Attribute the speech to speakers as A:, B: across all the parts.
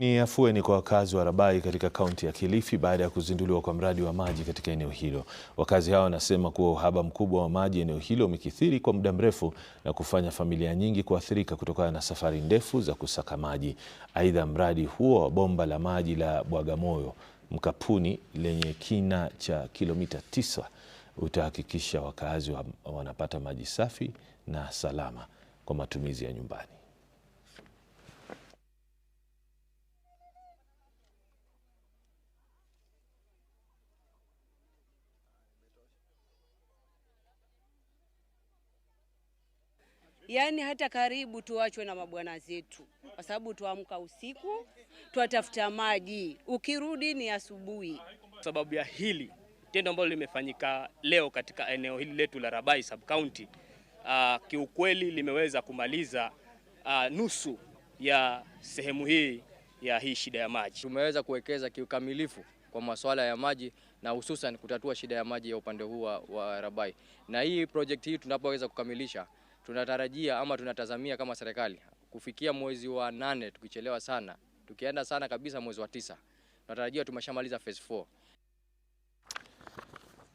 A: Ni afueni kwa wakazi wa Rabai katika kaunti ya Kilifi baada ya kuzinduliwa kwa mradi wa maji katika eneo hilo. Wakazi hao wanasema kuwa uhaba mkubwa wa maji eneo hilo umekithiri kwa muda mrefu na kufanya familia nyingi kuathirika kutokana na safari ndefu za kusaka maji. Aidha, mradi huo wa bomba la maji la Bwagamoyo Mkapuni lenye kina cha kilomita tisa utahakikisha wakazi wa wanapata maji safi na salama kwa matumizi ya nyumbani.
B: yaani hata karibu tuachwe na mabwana zetu, kwa sababu tuamka usiku, twatafuta maji, ukirudi ni asubuhi.
C: Sababu ya hili tendo ambalo limefanyika leo katika eneo hili letu la Rabai sub county, uh, kiukweli limeweza kumaliza uh, nusu ya sehemu hii ya hii shida ya maji.
D: Tumeweza kuwekeza kiukamilifu kwa masuala ya maji na hususan kutatua shida ya maji ya upande huu wa Rabai, na hii project hii tunapoweza kukamilisha tunatarajia ama tunatazamia kama serikali kufikia mwezi wa nane, tukichelewa sana, tukienda sana kabisa mwezi wa tisa, tunatarajia tumeshamaliza phase 4.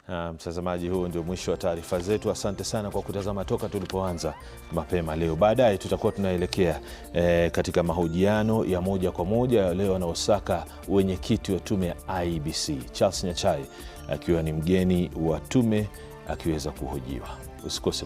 A: Ha, mtazamaji, huu ndio mwisho wa taarifa zetu. Asante sana kwa kutazama toka tulipoanza mapema leo. Baadaye tutakuwa tunaelekea e, katika mahojiano ya moja kwa moja leo wanaosaka wenyekiti wa tume ya IBC Charles Nyachai akiwa ni mgeni wa tume akiweza kuhojiwa. Usikose.